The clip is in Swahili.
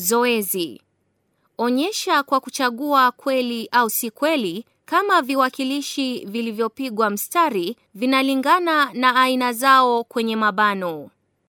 Zoezi: onyesha kwa kuchagua kweli au si kweli kama viwakilishi vilivyopigwa mstari vinalingana na aina zao kwenye mabano.